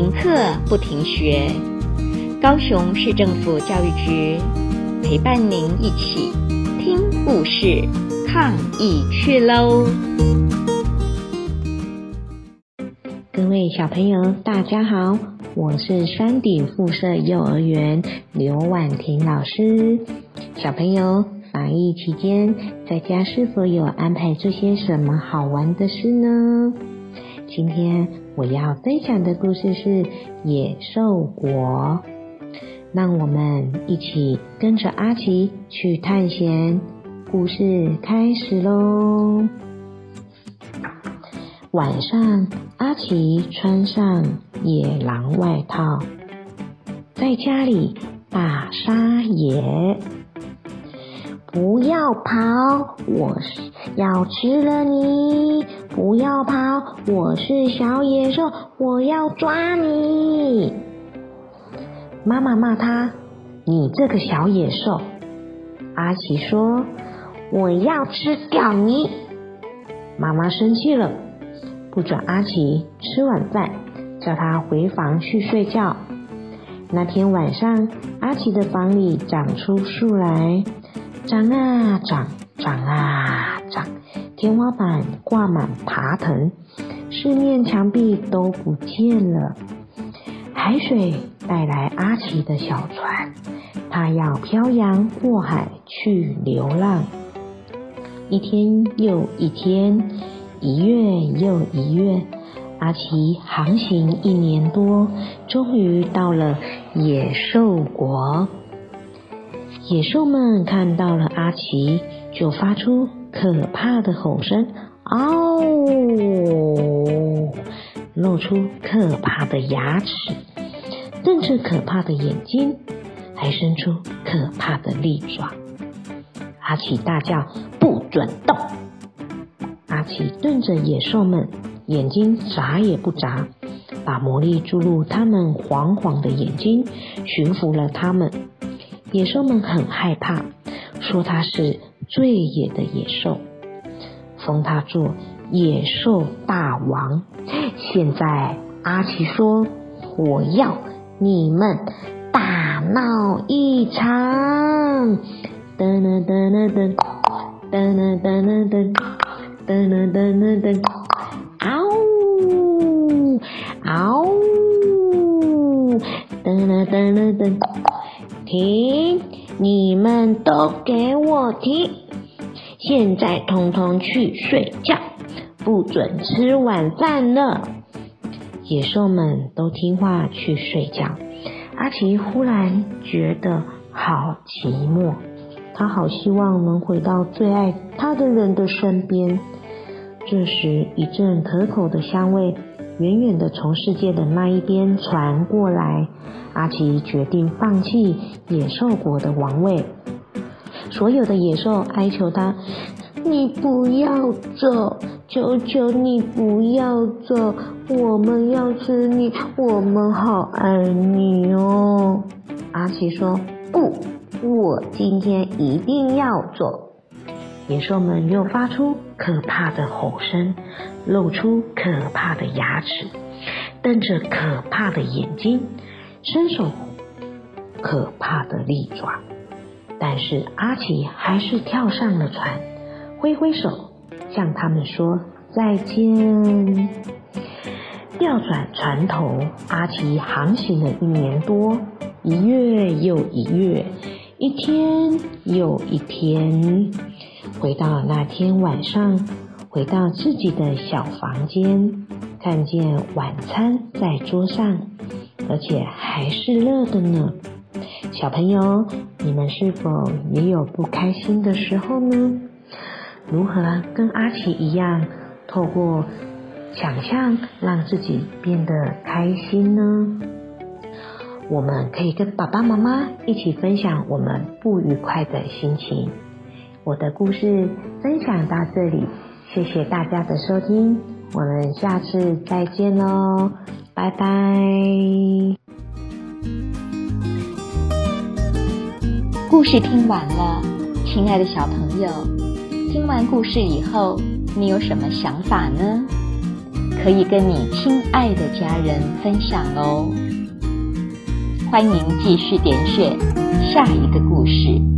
停課不停學，高雄市政府教育局陪伴您一起聽故事、抗疫去嘍！各位小朋友，大家好，我是山頂附設幼兒園劉宛婷老師。小朋友，防疫期間在家是否有安排做些什麼好玩的事呢？今天我要分享的故事是《野獸國》，讓我們一起跟着阿奇去探險。故事開始嘍！晚上，阿奇穿上野狼外套，在家裡大撒野。不要跑！我是要吃了你！不要跑！我是小野獸，我要抓你！媽媽罵他：“你這個小野獸！”阿奇說：“我要吃掉你！”媽媽生氣了，不准阿奇吃晚飯，叫他回房去睡覺。那天晚上，阿奇的房裡長出樹來。長啊長，長啊長，天花板掛滿爬藤，四面牆壁都不見了。海水帶來阿奇的小船，他要漂洋過海去流浪。一天又一天，一月又一月，阿奇航行一年多，終於到了野獸國。野獸們看到了阿奇，就發出可怕的吼聲，嗷、哦！露出可怕的牙齒，瞪着可怕的眼睛，還伸出可怕的利爪。阿奇大叫：“不准動！”阿奇瞪着野獸們，眼睛眨也不眨，把魔力注入他們黃黃的眼睛，馴服了他們。野獸們很害怕，說他是最野的野獸，封他做野獸大王。現在阿奇說：“我要你們大鬧一場！”噔噔噔噔噔噔噔噔噔，噔噔噔噔噔噔嗷嗚，嗷嗚，噔噔噔。呃呃呃登登停！你們都給我停！現在通通去睡覺，不准吃晚飯了。野獸們都聽話去睡覺。阿奇忽然覺得好寂寞，他好希望能回到最愛他的人的身邊。這時，一陣可口的香味。遠遠的從世界的那一邊傳過來，阿奇決定放棄野獸國的王位。所有的野獸哀求他：“你不要走，求求你不要走，我們要吃你，我們好愛你哦。”阿奇說：“不，我今天一定要走。”野獸們又發出可怕的吼聲，露出可怕的牙齒，瞪着可怕的眼睛，伸手，可怕的利爪。但是阿奇還是跳上了船，揮揮手向他們說再見。調轉船，船頭，阿奇航行了一年多，一月又一月，一天又一天。回到那天晚上，回到自己的小房間，看見晚餐在桌上，而且還是熱的呢。小朋友，你們是否也有不開心的時候呢？如何跟阿奇一樣，透過想象讓自己變得開心呢？我們可以跟爸爸媽媽一起分享我們不愉快的心情。我的故事分享到這裡，謝謝大家的收聽，我們下次再見嘍，拜拜。故事聽完了，親愛的小朋友，聽完故事以後，你有什麼想法呢？可以跟你親愛的家人分享哦。歡迎繼續點選下一個故事。